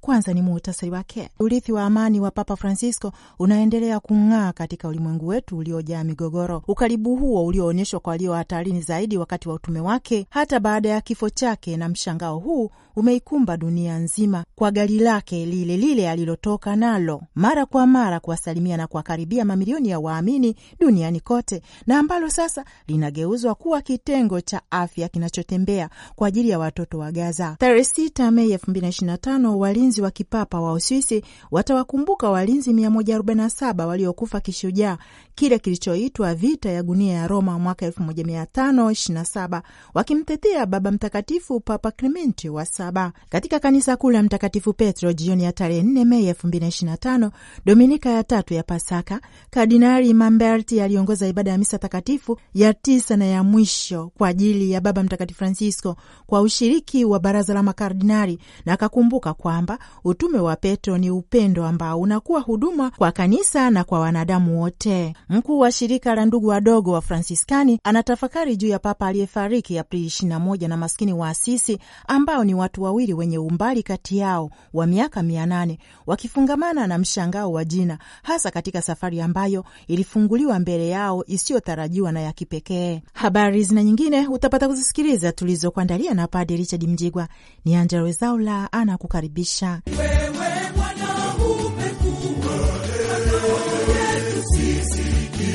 kwanza ni muhtasari wake. Urithi wa amani wa Papa Francisco unaendelea kung'aa katika ulimwengu wetu uliojaa migogoro. Ukaribu huo ulioonyeshwa kwa walio hatarini zaidi wakati wa utume wake, hata baada ya kifo chake, na mshangao huu umeikumba dunia nzima kwa gari lake lile lile alilotoka nalo mara kwa mara kuwasalimia na kuwakaribia mamilioni ya waamini duniani kote, na ambalo sasa linageuzwa kuwa kitengo cha afya kinachotembea kwa ajili ya watoto wa Gaza. Tarehe 6 Mei 2025 walinzi walinzi wa kipapa wa Uswisi watawakumbuka walinzi 147 waliokufa kishujaa kile kilichoitwa vita ya gunia ya Roma mwaka 1527 wakimtetea Baba Mtakatifu Papa Klementi wa saba. Katika kanisa kuu la Mtakatifu Petro jioni ya tarehe 4 Mei 2025, dominika ya tatu ya Pasaka, Kardinali Mamberti aliongoza ibada ya misa takatifu ya tisa na ya mwisho kwa ajili ya Baba Mtakatifu Francisco kwa ushiriki wa baraza la makardinali na akakumbuka kwamba utume wa Petro ni upendo ambao unakuwa huduma kwa kanisa na kwa wanadamu wote. Mkuu wa shirika la ndugu wadogo wa Fransiskani anatafakari juu ya papa aliyefariki Aprili 21 na maskini wa Asisi, ambao ni watu wawili wenye umbali kati yao wa miaka 800 wakifungamana na mshangao wa jina, hasa katika safari ambayo ilifunguliwa mbele yao isiyotarajiwa na ya kipekee. Habari zina nyingine utapata kuzisikiliza tulizokuandalia na Padre Richard Mjigwa. Ni Angella Rwezaula anakukaribisha.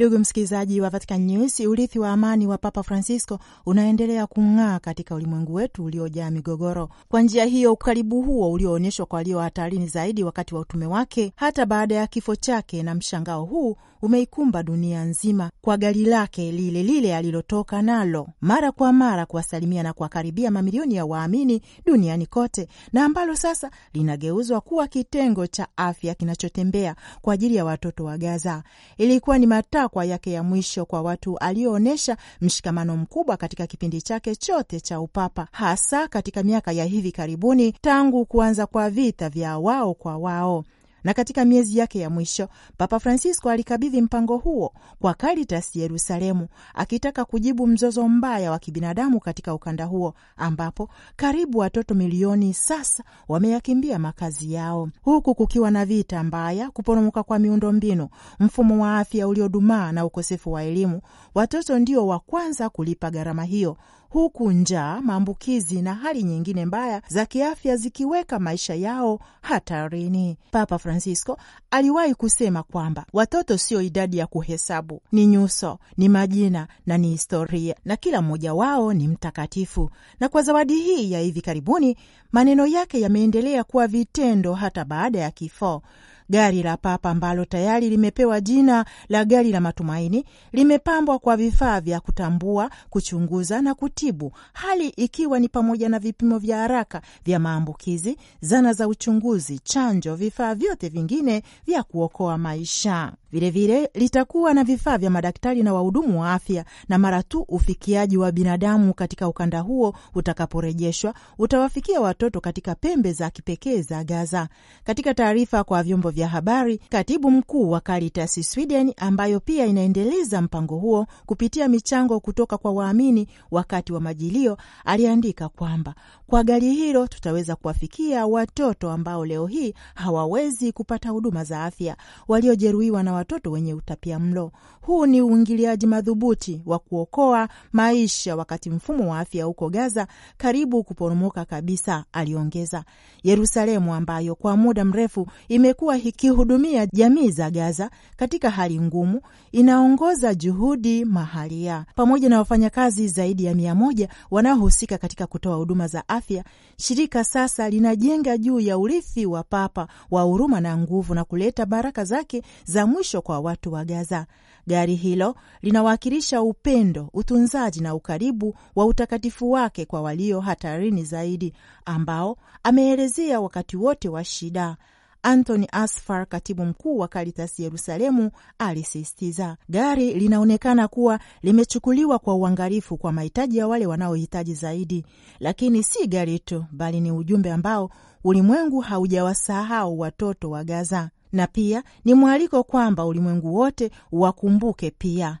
Ndugu msikilizaji wa Vatican News, urithi wa amani wa Papa Francisco unaendelea kung'aa katika ulimwengu wetu uliojaa migogoro. Kwa njia hiyo, ukaribu huo ulioonyeshwa kwa walio hatarini zaidi wakati wa utume wake, hata baada ya kifo chake, na mshangao huu umeikumba dunia nzima kwa gari lake lile lile alilotoka nalo mara kwa mara kuwasalimia na kuwakaribia mamilioni ya waamini duniani kote, na ambalo sasa linageuzwa kuwa kitengo cha afya kinachotembea kwa ajili ya watoto wa Gaza. Ilikuwa ni matakwa yake ya mwisho kwa watu alioonyesha mshikamano mkubwa katika kipindi chake chote cha upapa, hasa katika miaka ya hivi karibuni tangu kuanza kwa vita vya wao kwa wao na katika miezi yake ya mwisho Papa Francisco alikabidhi mpango huo kwa Caritas Yerusalemu, akitaka kujibu mzozo mbaya wa kibinadamu katika ukanda huo ambapo karibu watoto milioni sasa wameyakimbia makazi yao, huku kukiwa na vita mbaya, kuporomoka kwa miundombinu, mfumo wa afya uliodumaa na ukosefu wa elimu. Watoto ndio wa kwanza kulipa gharama hiyo, huku njaa, maambukizi na hali nyingine mbaya za kiafya zikiweka maisha yao hatarini. Papa Francisco aliwahi kusema kwamba watoto sio idadi ya kuhesabu, ni nyuso, ni majina na ni historia, na kila mmoja wao ni mtakatifu. Na kwa zawadi hii ya hivi karibuni, maneno yake yameendelea kuwa vitendo hata baada ya kifo. Gari la Papa ambalo tayari limepewa jina la gari la matumaini limepambwa kwa vifaa vya kutambua, kuchunguza na kutibu, hali ikiwa ni pamoja na vipimo vya haraka vya maambukizi, zana za uchunguzi, chanjo, vifaa vyote vingine vya kuokoa maisha. Vilevile litakuwa na vifaa vya madaktari na wahudumu wa afya, na mara tu ufikiaji wa binadamu katika ukanda huo utakaporejeshwa utawafikia watoto katika pembe za kipekee za Gaza. Katika taarifa kwa vyombo vya habari, katibu mkuu wa Caritas Sweden, ambayo pia inaendeleza mpango huo kupitia michango kutoka kwa waamini wakati wa majilio, aliandika kwamba kwa gari hilo tutaweza kuwafikia watoto ambao leo hii hawawezi kupata huduma za afya, waliojeruhiwa na watoto wenye utapia mlo. Huu ni uingiliaji madhubuti wa kuokoa maisha wakati mfumo wa afya huko Gaza karibu kuporomoka kabisa, aliongeza. Yerusalemu ambayo kwa muda mrefu imekuwa ikihudumia jamii za Gaza katika hali ngumu, inaongoza juhudi mahalia pamoja na wafanyakazi zaidi ya mia moja wanaohusika katika kutoa huduma za afya. Shirika sasa linajenga juu ya urithi wa Papa wa huruma na nguvu na kuleta baraka zake za mwisho mwisho kwa watu wa Gaza. Gari hilo linawakilisha upendo, utunzaji na ukaribu wa utakatifu wake kwa walio hatarini zaidi, ambao ameelezea wakati wote wa shida. Anthony Asfar, katibu mkuu wa Caritas Yerusalemu, alisisitiza, gari linaonekana kuwa limechukuliwa kwa uangalifu kwa mahitaji ya wale wanaohitaji zaidi, lakini si gari tu, bali ni ujumbe ambao ulimwengu haujawasahau watoto wa Gaza na pia ni mwaliko kwamba ulimwengu wote wakumbuke pia.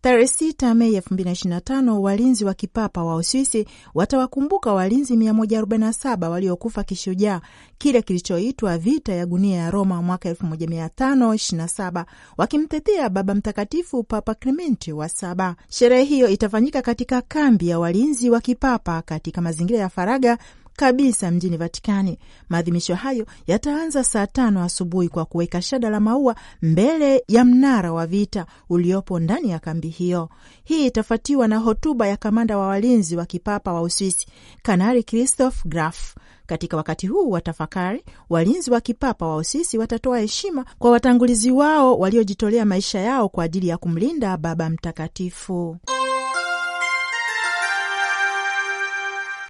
Tarehe 6 Mei 2025 walinzi wa kipapa wa Uswisi watawakumbuka walinzi 147 waliokufa kishujaa kile kilichoitwa vita ya gunia ya Roma mwaka 1527 wakimtetea Baba Mtakatifu Papa Klementi wa saba. Sherehe hiyo itafanyika katika kambi ya walinzi wa kipapa katika mazingira ya faraga kabisa mjini Vatikani. Maadhimisho hayo yataanza saa tano asubuhi kwa kuweka shada la maua mbele ya mnara wa vita uliopo ndani ya kambi hiyo. Hii itafuatiwa na hotuba ya kamanda wa walinzi wa kipapa wa Uswisi, kanari Christoph Graf. Katika wakati huu wa tafakari, walinzi wa kipapa wa Uswisi watatoa heshima kwa watangulizi wao waliojitolea maisha yao kwa ajili ya kumlinda Baba Mtakatifu.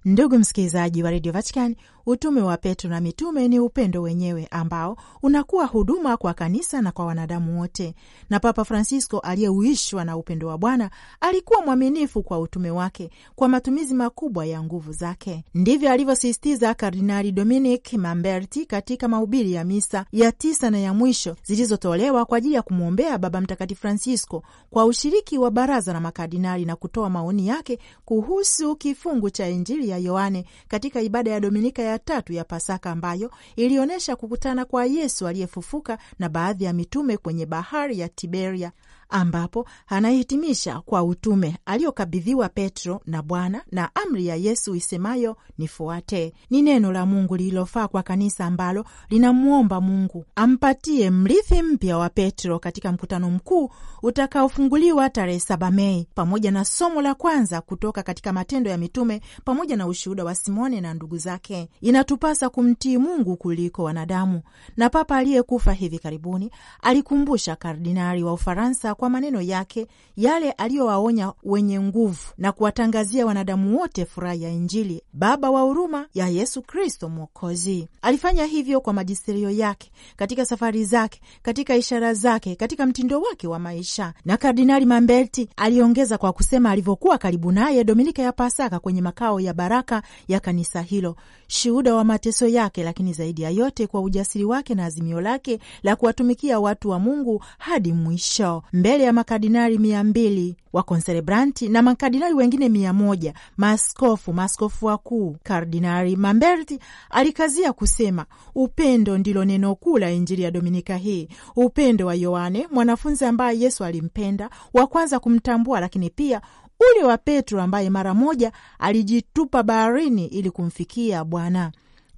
Ndugu msikilizaji wa Radio Vatican, Utume wa Petro na mitume ni upendo wenyewe ambao unakuwa huduma kwa kanisa na kwa wanadamu wote. Na Papa Francisco aliyeuishwa na upendo wa Bwana alikuwa mwaminifu kwa utume wake kwa matumizi makubwa ya nguvu zake. Ndivyo alivyosisitiza Kardinali Dominic Mamberti katika mahubiri ya misa ya tisa na ya mwisho zilizotolewa kwa ajili ya kumwombea Baba Mtakatifu Francisco kwa ushiriki wa baraza la makardinali na kutoa maoni yake kuhusu kifungu cha Injili ya Yohane katika ibada ya Dominika ya ya tatu ya Pasaka ambayo ilionyesha kukutana kwa Yesu aliyefufuka na baadhi ya mitume kwenye bahari ya Tiberia ambapo anahitimisha kwa utume aliyokabidhiwa Petro na Bwana na amri ya Yesu isemayo nifuate. Ni neno la Mungu lililofaa kwa kanisa ambalo linamwomba Mungu ampatie mrithi mpya wa Petro katika mkutano mkuu utakaofunguliwa tarehe saba Mei, pamoja na somo la kwanza kutoka katika Matendo ya Mitume pamoja na ushuhuda wa Simone na ndugu zake. Inatupasa kumtii Mungu kuliko wanadamu, na Papa aliyekufa hivi karibuni alikumbusha kardinali wa Ufaransa kwa maneno yake yale aliyowaonya wenye nguvu na kuwatangazia wanadamu wote furaha ya Injili, baba wa huruma ya Yesu Kristo Mwokozi. Alifanya hivyo kwa majisterio yake, katika safari zake, katika ishara zake, katika mtindo wake wa maisha. Na Kardinali Mamberti aliongeza kwa kusema alivyokuwa karibu naye Dominika ya Pasaka kwenye makao ya baraka ya kanisa hilo, shuhuda wa mateso yake, lakini zaidi ya yote kwa ujasiri wake na azimio lake la kuwatumikia watu wa Mungu hadi mwisho Mbe mbele ya makardinali mia mbili wa na makardinali wengine mia moja maaskofu, maaskofu wakuu. Kardinali Mamberti alikazia kusema upendo ndilo neno kuu la Injili ya Dominika hii, upendo wa Yohane mwanafunzi ambaye Yesu alimpenda, wa kwanza kumtambua, lakini pia ule wa Petro ambaye mara moja alijitupa baharini ili kumfikia Bwana.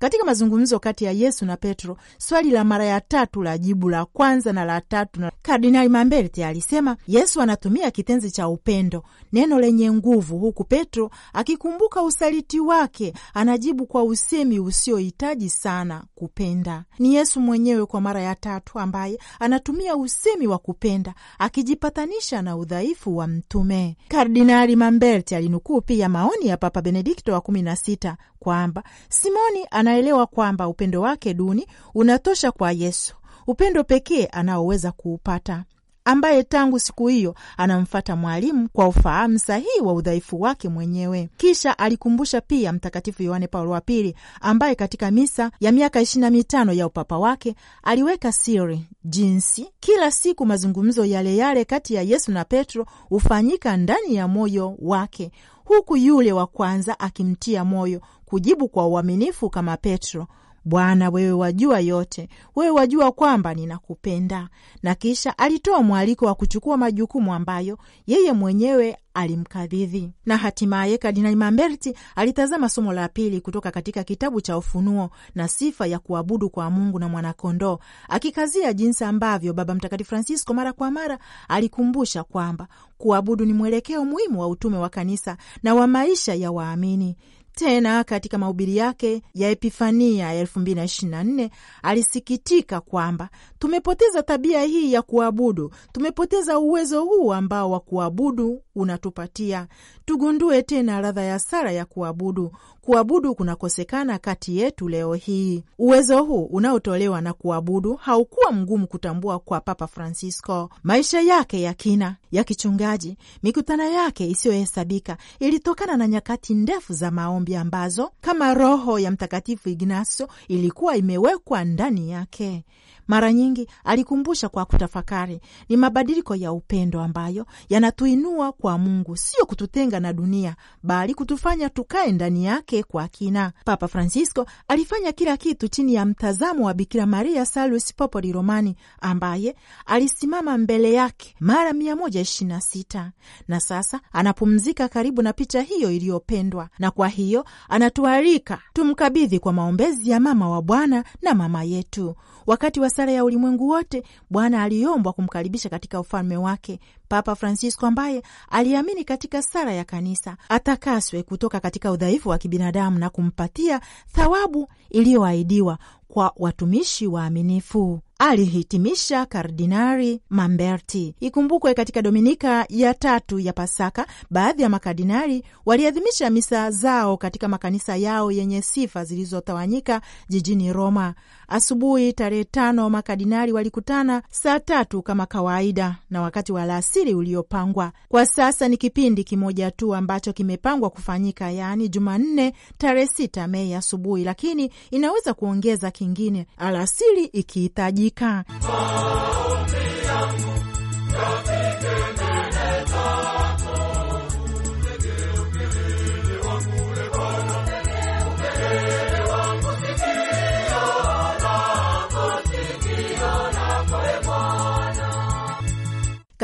Katika mazungumzo kati ya Yesu na Petro, swali la mara ya tatu la jibu la kwanza na la tatu na Kardinali Mamberti alisema Yesu anatumia kitenzi cha upendo, neno lenye nguvu, huku Petro akikumbuka usaliti wake anajibu kwa usemi usiohitaji sana kupenda. Ni Yesu mwenyewe kwa mara ya tatu ambaye anatumia usemi wa kupenda akijipatanisha na udhaifu wa mtume. Kardinali Mamberti alinukuu pia maoni ya Papa Benedikto wa kumi na sita kwamba Simoni anaelewa kwamba upendo wake duni unatosha kwa Yesu, upendo pekee anaoweza kuupata, ambaye tangu siku hiyo anamfata mwalimu kwa ufahamu sahihi wa udhaifu wake mwenyewe. Kisha alikumbusha pia Mtakatifu Yohane Paulo wa Pili, ambaye katika misa ya miaka ishirini na mitano ya upapa wake aliweka siri jinsi kila siku mazungumzo yale yale kati ya Yesu na Petro hufanyika ndani ya moyo wake huku yule wa kwanza akimtia moyo kujibu kwa uaminifu kama Petro Bwana, wewe wajua yote, wewe wajua kwamba ninakupenda. Na kisha alitoa mwaliko wa kuchukua majukumu ambayo yeye mwenyewe alimkabidhi. Na hatimaye Kardinali Mamberti alitazama somo la pili kutoka katika kitabu cha Ufunuo na sifa ya kuabudu kwa Mungu na Mwanakondoo, akikazia jinsi ambavyo Baba Mtakatifu Francisco mara kwa mara alikumbusha kwamba kuabudu ni mwelekeo muhimu wa utume wa kanisa na wa maisha ya waamini. Tena katika mahubiri yake ya Epifania ya 2024 alisikitika kwamba tumepoteza tabia hii ya kuabudu, tumepoteza uwezo huu ambao wa kuabudu unatupatia tugundue tena ladha ya sala ya kuabudu. Kuabudu kunakosekana kati yetu leo hii. Uwezo huu unaotolewa na kuabudu haukuwa mgumu kutambua kwa Papa Francisco. Maisha yake ya kina ya kichungaji, mikutano yake isiyohesabika ilitokana na nyakati ndefu za maombi ambazo kama roho ya Mtakatifu ignasio ilikuwa imewekwa ndani yake. Mara nyingi alikumbusha kwa kutafakari, ni mabadiliko ya upendo ambayo yanatuinua kwa Mungu, sio kututenga na dunia, bali kutufanya tukae ndani yake kwa kina. Papa Francisco alifanya kila kitu chini ya mtazamo wa Bikira Maria Salus Popoli Romani, ambaye alisimama mbele yake mara 126 na sasa anapumzika karibu na picha hiyo iliyopendwa, na kwa hiyo anatualika tumkabidhi kwa maombezi ya Mama wa Bwana na Mama yetu wakati wa hasara ya ulimwengu wote, Bwana aliombwa kumkaribisha katika ufalme wake. Papa Francisco ambaye aliamini katika sara ya kanisa atakaswe kutoka katika udhaifu wa kibinadamu na kumpatia thawabu iliyoahidiwa kwa watumishi waaminifu alihitimisha Kardinari Mamberti. Ikumbukwe katika Dominika ya tatu ya Pasaka, baadhi ya makardinari waliadhimisha misa zao katika makanisa yao yenye sifa zilizotawanyika jijini Roma. Asubuhi tarehe tano makardinari walikutana saa tatu kama kawaida, na wakati wa alasiri uliopangwa. Kwa sasa ni kipindi kimoja tu ambacho kimepangwa kufanyika, yaani Jumanne tarehe sita Mei asubuhi, lakini inaweza kuongeza kingine alasiri ikihitaji kuhitajika.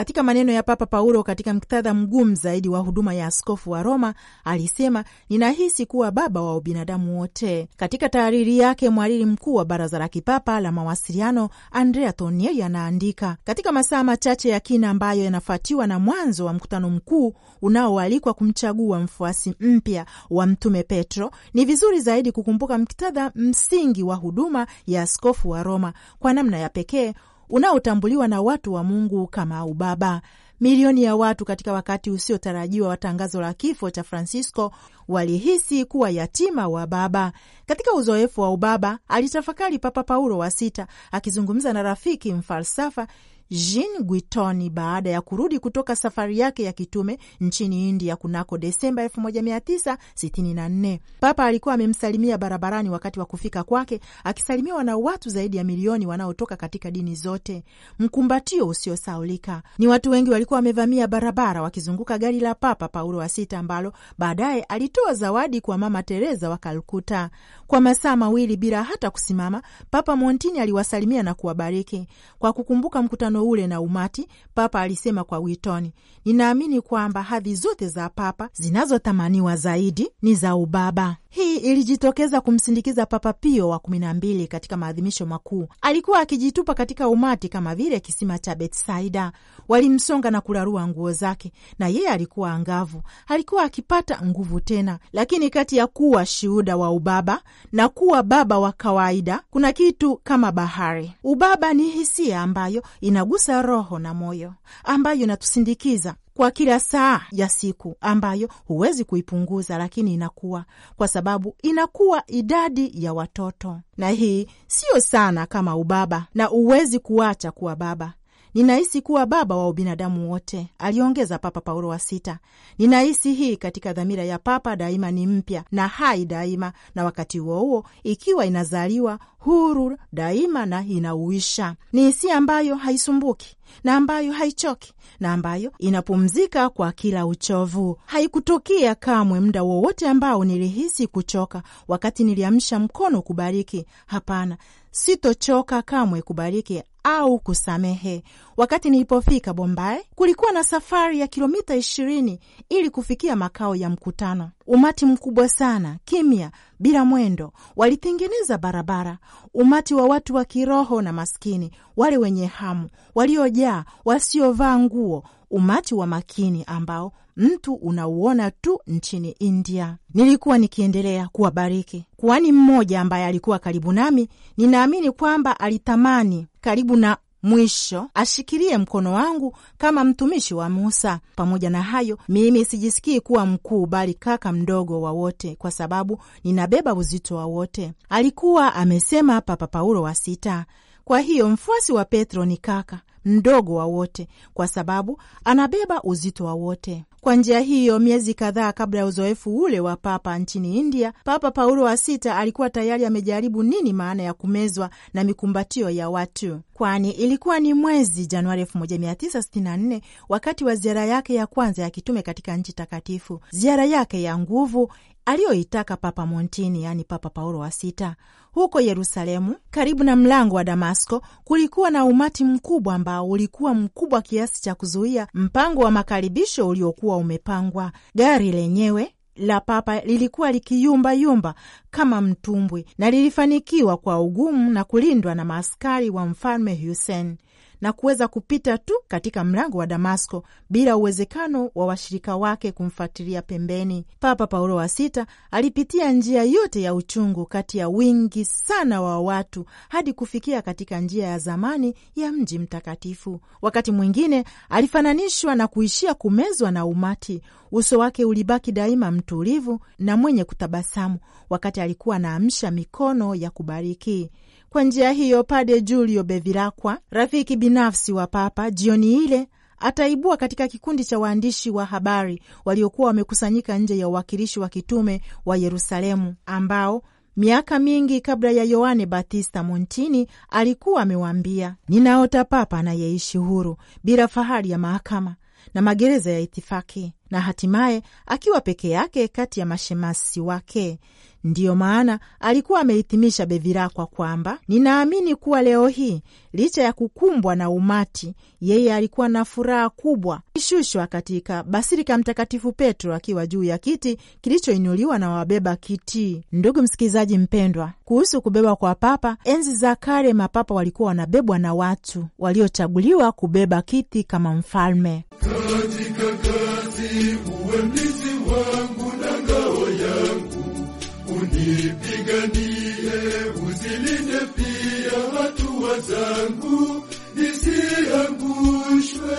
Katika maneno ya Papa Paulo katika mktadha mgumu zaidi wa huduma ya askofu wa Roma alisema, ninahisi kuwa baba wa ubinadamu wote. Katika taariri yake, mwariri mkuu wa baraza la kipapa la mawasiliano Andrea Tonieri anaandika, katika masaa machache ya kina ambayo yanafuatiwa na mwanzo wa mkutano mkuu unaoalikwa kumchagua mfuasi mpya wa mtume Petro, ni vizuri zaidi kukumbuka mktadha msingi wa huduma ya askofu wa Roma kwa namna ya pekee unaotambuliwa na watu wa Mungu kama ubaba. Milioni ya watu katika wakati usiotarajiwa wa tangazo la kifo cha Francisco walihisi kuwa yatima wa baba. Katika uzoefu wa ubaba, alitafakari Papa Paulo wa Sita akizungumza na rafiki mfalsafa Jean Guitoni baada ya kurudi kutoka safari yake ya kitume nchini India kunako Desemba 1964. Papa alikuwa amemsalimia barabarani wakati wa kufika kwake, akisalimiwa na watu zaidi ya milioni wanaotoka katika dini zote. Mkumbatio usiosaulika ni watu wengi walikuwa wamevamia barabara wakizunguka gari la Papa Paulo wa Sita ambalo baadaye alitoa zawadi kwa Mama Teresa wa Kalkuta. Kwa masaa mawili bila hata kusimama, Papa Montini aliwasalimia na kuwabariki kwa kukumbuka mkutano mkutano ule na umati, Papa alisema kwa witoni, ninaamini kwamba hadhi zote za Papa zinazotamaniwa zaidi ni za ubaba. Hii ilijitokeza kumsindikiza Papa Pio wa kumi na mbili katika maadhimisho makuu. Alikuwa akijitupa katika umati kama vile kisima cha Betsaida. Walimsonga na kurarua nguo zake, na yeye alikuwa angavu, alikuwa akipata nguvu tena. Lakini kati ya kuwa shuhuda wa ubaba na kuwa baba wa kawaida kuna kitu kama bahari. Ubaba ni hisia ambayo inagusa roho na moyo, ambayo inatusindikiza kwa kila saa ya siku ambayo huwezi kuipunguza, lakini inakuwa kwa sababu inakuwa idadi ya watoto, na hii siyo sana kama ubaba, na huwezi kuacha kuwa baba ninahisi kuwa baba wa ubinadamu wote, aliongeza Papa Paulo wa Sita. Ninahisi hii katika dhamira ya Papa daima ni mpya na hai daima, na wakati huo huo ikiwa inazaliwa huru daima na inauisha. Ni hisia ambayo haisumbuki na ambayo haichoki na ambayo inapumzika kwa kila uchovu. haikutokia kamwe muda wowote ambao nilihisi kuchoka wakati niliamsha mkono kubariki. Hapana, sitochoka kamwe kubariki au kusamehe. Wakati nilipofika Bombay, kulikuwa na safari ya kilomita ishirini ili kufikia makao ya mkutano. Umati mkubwa sana, kimya, bila mwendo. Walitengeneza barabara, umati wa watu wa kiroho na maskini, wale wenye hamu, waliojaa, wasiovaa nguo, umati wa makini ambao mtu unauona tu nchini India. Nilikuwa nikiendelea kuwabariki. kwani mmoja ambaye alikuwa karibu nami, ninaamini kwamba alitamani karibu na mwisho ashikilie mkono wangu kama mtumishi wa Musa. Pamoja na hayo, mimi sijisikii kuwa mkuu, bali kaka mdogo wa wote, kwa sababu ninabeba uzito wa wote, alikuwa amesema Papa Paulo wa Sita. Kwa hiyo mfuasi wa Petro ni kaka, mdogo wa wote, kwa sababu anabeba uzito wa wote. Kwa njia hiyo, miezi kadhaa kabla ya uzoefu ule wa papa nchini India, Papa Paulo wa Sita alikuwa tayari amejaribu nini maana ya kumezwa na mikumbatio ya watu, kwani ilikuwa ni mwezi Januari 1964 wakati wa ziara yake ya kwanza ya kitume katika nchi takatifu, ziara yake ya nguvu aliyoitaka Papa Montini, yaani Papa Paulo wa Sita. Huko Yerusalemu, karibu na mlango wa Damasko, kulikuwa na umati mkubwa ambao ulikuwa mkubwa kiasi cha kuzuia mpango wa makaribisho uliokuwa umepangwa. Gari lenyewe la papa lilikuwa likiyumbayumba kama mtumbwi na lilifanikiwa kwa ugumu na kulindwa na maaskari wa mfalme Hussein na kuweza kupita tu katika mlango wa Damasko bila uwezekano wa washirika wake kumfuatilia pembeni. Papa Paulo wa Sita alipitia njia yote ya uchungu kati ya wingi sana wa watu hadi kufikia katika njia ya zamani ya mji mtakatifu. Wakati mwingine alifananishwa na kuishia kumezwa na umati. Uso wake ulibaki daima mtulivu na mwenye kutabasamu wakati alikuwa anaamsha mikono ya kubariki. Kwa njia hiyo, Pade Julio Bevilacqua, rafiki binafsi wa Papa, jioni ile ataibua katika kikundi cha waandishi wa habari waliokuwa wamekusanyika nje ya uwakilishi wa kitume wa Yerusalemu ambao miaka mingi kabla ya Yohane Batista Montini alikuwa amewaambia, ninaota papa anayeishi huru bila fahari ya mahakama na magereza ya itifaki, na hatimaye akiwa peke yake kati ya mashemasi wake Ndiyo maana alikuwa amehitimisha Bevilakwa kwamba ninaamini kuwa leo hii licha ya kukumbwa na umati, yeye alikuwa na furaha kubwa kishushwa katika basilika Mtakatifu Petro akiwa juu ya kiti kilichoinuliwa na wabeba kiti. Ndugu msikilizaji mpendwa, kuhusu kubebwa kwa papa, enzi za kale mapapa walikuwa wanabebwa na watu waliochaguliwa kubeba kiti kama mfalme katika kazi uwe Nipiganie, uzilinde pia hatua zangu nisiangushwe.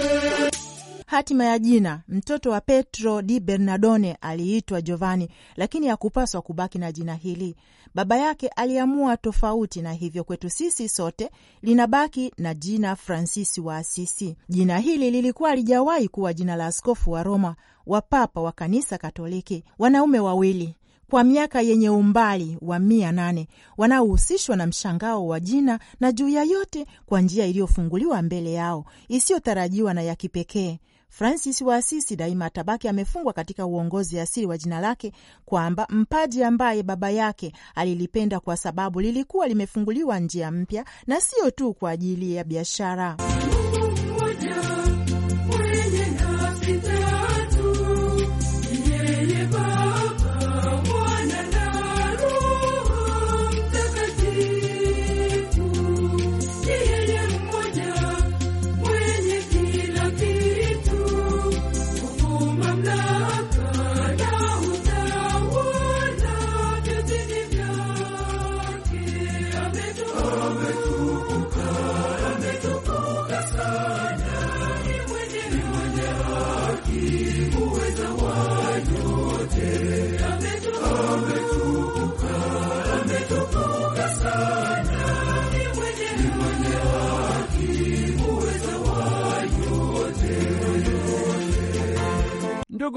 Hatima ya jina mtoto wa Petro di Bernardone aliitwa Giovanni, lakini hakupaswa kubaki na jina hili. Baba yake aliamua tofauti, na hivyo kwetu sisi sote linabaki na jina Fransisi wa Asisi. Jina hili lilikuwa halijawahi kuwa jina la askofu wa Roma, wa papa wa kanisa Katoliki. Wanaume wawili kwa miaka yenye umbali wa mia nane wanaohusishwa na mshangao wa jina na juu ya yote kwa njia iliyofunguliwa mbele yao isiyotarajiwa na ya kipekee. Francis wa Asisi daima tabaki amefungwa katika uongozi asili wa jina lake, kwamba mpaji ambaye baba yake alilipenda kwa sababu lilikuwa limefunguliwa njia mpya na sio tu kwa ajili ya biashara.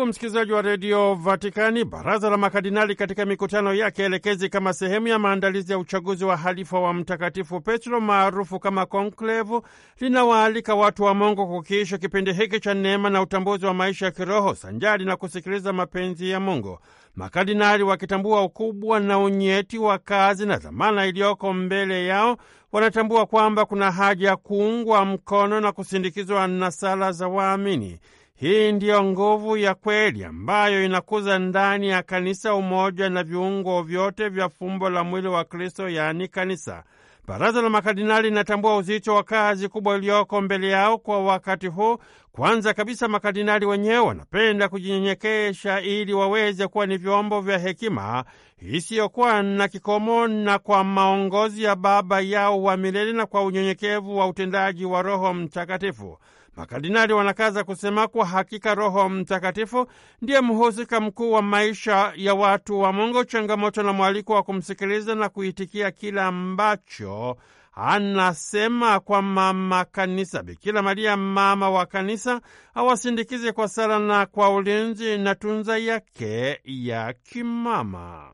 Ndugu msikilizaji wa redio Vatikani, baraza la makardinali katika mikutano yake elekezi kama sehemu ya maandalizi ya uchaguzi wa halifa wa Mtakatifu Petro maarufu kama konklevu, linawaalika watu wa Mungu kukiisha kipindi hiki cha neema na utambuzi wa maisha ya kiroho sanjari na kusikiliza mapenzi ya Mungu. Makardinali wakitambua ukubwa na unyeti wa kazi na dhamana iliyoko mbele yao, wanatambua kwamba kuna haja ya kuungwa mkono na kusindikizwa na sala za waamini. Hii ndiyo nguvu ya kweli ambayo inakuza ndani ya kanisa umoja na viungo vyote vya fumbo la mwili wa Kristo, yaani kanisa. Baraza la makardinali linatambua uzito wa kazi kubwa iliyoko mbele yao kwa wakati huu. Kwanza kabisa, makardinali wenyewe wanapenda kujinyenyekesha ili waweze kuwa ni vyombo vya hekima isiyokuwa na kikomo na kwa maongozi ya Baba yao wa milele na kwa unyenyekevu wa utendaji wa Roho Mtakatifu. Makardinali wanakaza kusema kwa hakika Roho Mtakatifu ndiye mhusika mkuu wa maisha ya watu wa Mungu, changamoto na mwaliko wa kumsikiliza na kuitikia kila ambacho anasema kwa mama kanisa. Bikira Maria mama wa kanisa awasindikize kwa sala na kwa ulinzi na tunza yake ya kimama.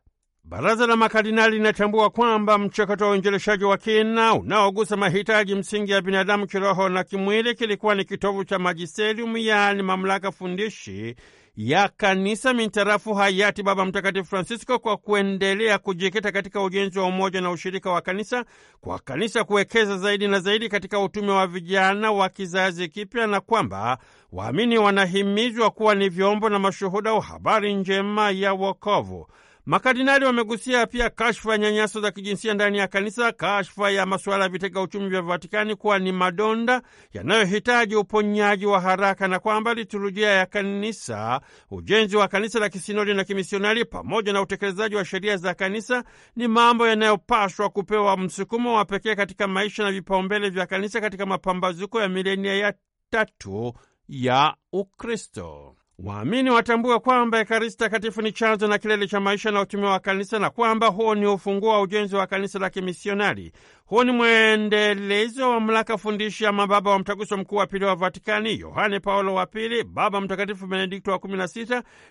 Baraza la Makardinali linatambua kwamba mchakato wa uinjilishaji wa kina unaogusa mahitaji msingi ya binadamu kiroho na kimwili kilikuwa ni kitovu cha magisterium, yaani mamlaka fundishi ya kanisa mintarafu hayati Baba Mtakatifu Francisco, kwa kuendelea kujikita katika ujenzi wa umoja na ushirika wa kanisa, kwa kanisa kuwekeza zaidi na zaidi katika utume wa vijana wa kizazi kipya, na kwamba waamini wanahimizwa kuwa ni vyombo na mashuhuda wa habari njema ya wokovu. Makardinali wamegusia pia kashfa ya nyanyaso za kijinsia ndani ya kanisa, kashfa ya masuala ya vitega uchumi vya Vatikani kuwa ni madonda yanayohitaji uponyaji wa haraka, na kwamba liturujia ya kanisa, ujenzi wa kanisa la kisinodi na kimisionari, pamoja na utekelezaji wa sheria za kanisa ni mambo yanayopaswa kupewa msukumo wa pekee katika maisha na vipaumbele vya kanisa katika mapambazuko ya milenia ya tatu ya Ukristo. Waamini watambue kwamba Ekaristi Takatifu ni chanzo na kilele cha maisha na utume wa kanisa na kwamba huo ni ufunguo wa ujenzi wa kanisa la kimisionari. Huu ni mwendelezo wa mamlaka fundishi ya mababa wa mtaguso mkuu wa pili wa Vatikani, Yohane Paulo wa pili, Baba Mtakatifu Benedikto wa kumi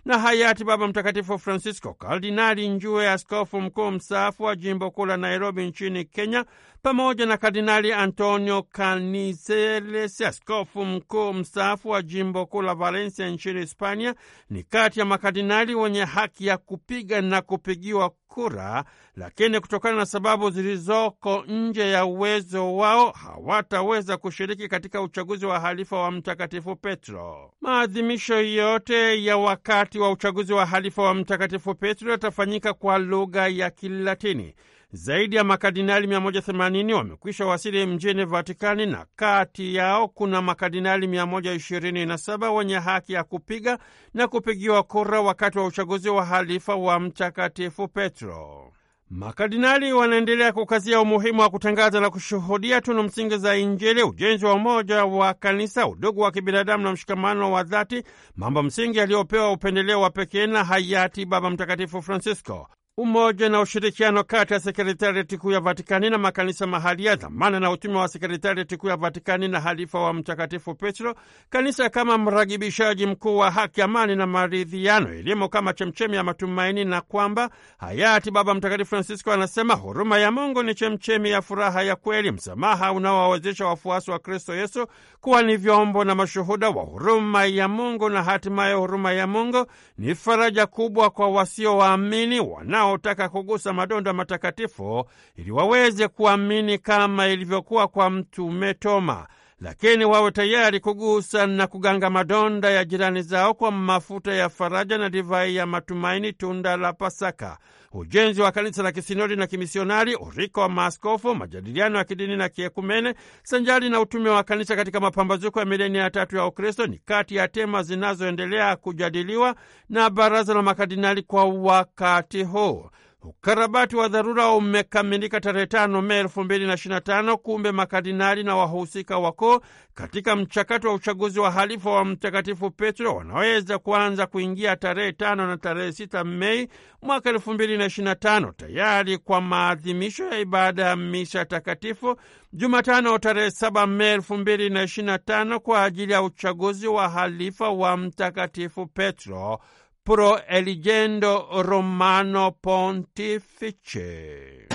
na hayati Baba Mtakatifu Francisco, Kardinali Njue, askofu mkuu mstaafu wa jimbo kuu la Nairobi nchini Kenya, pamoja na Kardinali Antonio Canizeles, askofu mkuu mstaafu wa jimbo kuu la Valencia nchini Hispania, ni kati ya makardinali wenye haki ya kupiga na kupigiwa kura lakini kutokana na sababu zilizoko nje ya uwezo wao hawataweza kushiriki katika uchaguzi wa halifa wa Mtakatifu Petro. Maadhimisho yote ya wakati wa uchaguzi wa halifa wa Mtakatifu Petro yatafanyika kwa lugha ya Kilatini. Zaidi ya makardinali 180 wamekwisha wasili mjini Vatikani na kati yao kuna makardinali 127 wenye haki ya kupiga na kupigiwa kura wakati wa uchaguzi wa halifa wa Mtakatifu Petro. Makardinali wanaendelea kukazia umuhimu wa kutangaza na kushuhudia tunu msingi za Injili, ujenzi wa umoja wa kanisa, udugu wa kibinadamu na mshikamano wa dhati, mambo msingi yaliyopewa upendeleo wa pekee na hayati Baba Mtakatifu Francisco umoja na ushirikiano kati ya sekretarieti kuu ya Vatikani na makanisa mahalia, dhamana na utume wa sekretarieti kuu ya Vatikani na halifa wa Mtakatifu Petro, kanisa kama mragibishaji mkuu wa haki, amani na maridhiano, elimu kama chemchemi ya matumaini, na kwamba hayati Baba Mtakatifu Francisco anasema huruma ya Mungu ni chemchemi ya furaha ya kweli, msamaha unaowawezesha wafuasi wa Kristo Yesu kuwa ni vyombo na mashuhuda wa huruma ya Mungu, na hatimaye huruma ya Mungu ni faraja kubwa kwa wasiowaamini wa wanaotaka kugusa madonda matakatifu ili waweze kuamini kama ilivyokuwa kwa Mtume Toma lakini wawe tayari kugusa na kuganga madonda ya jirani zao kwa mafuta ya faraja na divai ya matumaini, tunda la Pasaka. Ujenzi wa kanisa la kisinodi na kimisionari, urika wa maaskofu, majadiliano ya kidini na kiekumene, sanjari na utume wa kanisa katika mapambazuko ya milenia ya tatu ya Ukristo ni kati ya tema zinazoendelea kujadiliwa na Baraza la Makardinali kwa wakati huu. Ukarabati wa dharura umekamilika tarehe tano Mei elfu mbili na ishirini na tano. Kumbe makardinali na wahusika wakuu katika mchakato wa uchaguzi wa halifa wa Mtakatifu Petro wanaweza kuanza kuingia tarehe tano na tarehe sita Mei mwaka elfu mbili na ishirini na tano tayari kwa maadhimisho ya ibada ya misa takatifu Jumatano tarehe saba Mei elfu mbili na ishirini na tano kwa ajili ya uchaguzi wa halifa wa Mtakatifu Petro proeligendo Romano Pontifice.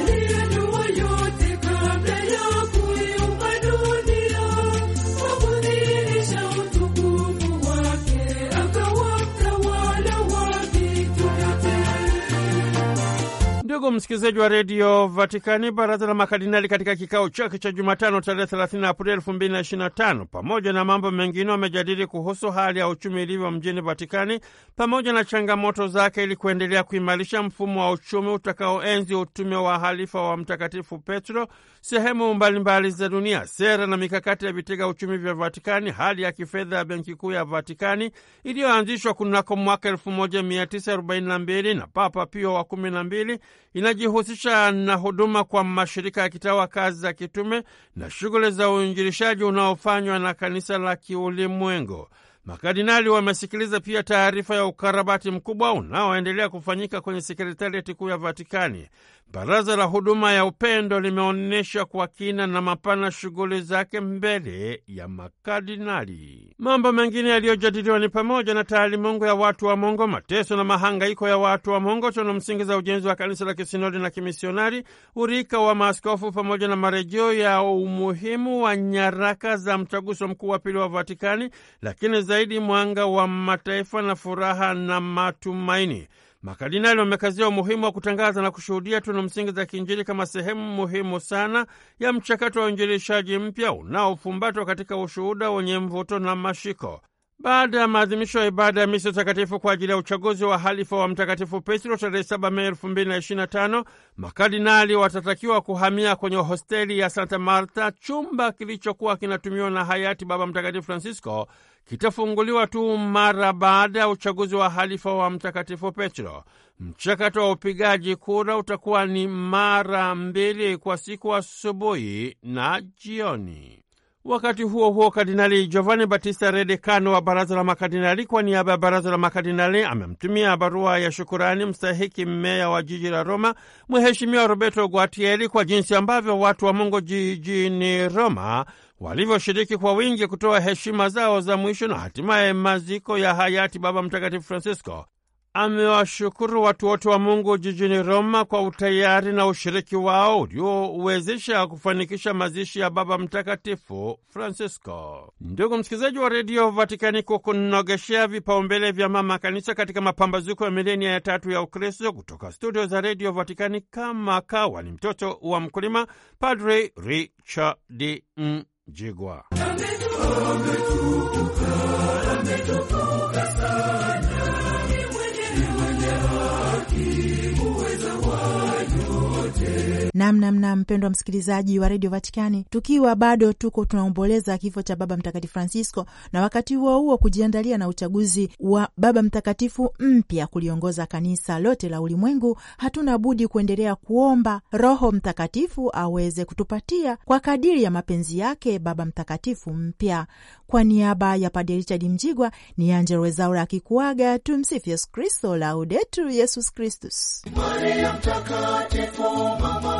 Ndugu msikilizaji wa redio Vatikani, baraza la makardinali katika kikao chake cha Jumatano tarehe 30 Aprili elfu mbili na na tano, pamoja na mambo mengine, wamejadili kuhusu hali ya uchumi ilivyo mjini Vatikani pamoja na changamoto zake, ili kuendelea kuimarisha mfumo wa uchumi utakaoenzi utume wa halifa wa Mtakatifu Petro sehemu mbalimbali za dunia, sera na mikakati ya vitega uchumi vya Vatikani, hali ya kifedha ya benki kuu ya Vatikani iliyoanzishwa kunako mwaka 1942 na Papa Pio wa 12 inajihusisha na huduma kwa mashirika ya kitawa, kazi za kitume na shughuli za uinjilishaji unaofanywa na kanisa la kiulimwengu. Makardinali wamesikiliza pia taarifa ya ukarabati mkubwa unaoendelea kufanyika kwenye sekretarieti kuu ya Vatikani. Baraza la huduma ya upendo limeonyesha kwa kina na mapana shughuli zake mbele ya makardinali. Mambo mengine yaliyojadiliwa ni pamoja na taalimungu ya watu wa Mungu, mateso na mahangaiko ya watu wa Mungu, chono msingi za ujenzi wa kanisa la kisinodi na kimisionari, urika wa maaskofu, pamoja na marejeo ya umuhimu wa nyaraka za mtaguso mkuu wa pili wa Vatikani, lakini za zaidi mwanga wa mataifa na furaha na matumaini. Makardinali wamekazia umuhimu wa kutangaza na kushuhudia tunu msingi za kiinjili kama sehemu muhimu sana ya mchakato wa uinjilishaji mpya unaofumbatwa katika ushuhuda wenye mvuto na mashiko. Baada ya maadhimisho ya ibada ya misa takatifu kwa ajili ya uchaguzi wa halifa wa Mtakatifu Petro tarehe 7 Mei 2025, makardinali watatakiwa kuhamia kwenye hosteli ya Santa Marta, chumba kilichokuwa kinatumiwa na hayati Baba Mtakatifu Francisco kitafunguliwa tu mara baada ya uchaguzi wa halifa wa Mtakatifu Petro. Mchakato wa upigaji kura utakuwa ni mara mbili kwa siku, asubuhi na jioni. Wakati huo huo, Kardinali Giovanni Battista Redekano wa baraza la makardinali kwa niaba ya baraza la makardinali amemtumia barua ya shukurani mstahiki mmeya wa jiji la Roma, Mheshimiwa Roberto Guatieri, kwa jinsi ambavyo watu wa Mungu jijini Roma walivyoshiriki kwa wingi kutoa heshima zao za mwisho na hatimaye maziko ya hayati Baba Mtakatifu Francisco. Amewashukuru watu wote wa Mungu jijini Roma kwa utayari na ushiriki wao uliowezesha kufanikisha mazishi ya Baba Mtakatifu Francisco. Ndugu msikilizaji wa Redio Vatikani, kwa kunogeshea vipaumbele vya Mama Kanisa katika mapambazuko ya milenia ya tatu ya Ukristo, kutoka studio za Redio Vatikani, kama kawa ni mtoto wa mkulima, Padri Richard Jigwa. Namnamna mpendwa msikilizaji wa redio Vatikani, tukiwa bado tuko tunaomboleza kifo cha Baba Mtakatifu Francisco na wakati huo huo kujiandalia na uchaguzi wa Baba Mtakatifu mpya kuliongoza kanisa lote la ulimwengu, hatuna budi kuendelea kuomba Roho Mtakatifu aweze kutupatia kwa kadiri ya mapenzi yake Baba Mtakatifu mpya. Kwa niaba ya Padre Richard Mjigwa ni Angella Rwezaura akikuaga. Tumsifu Yesu Kristo, Laudetur Yesus Kristus.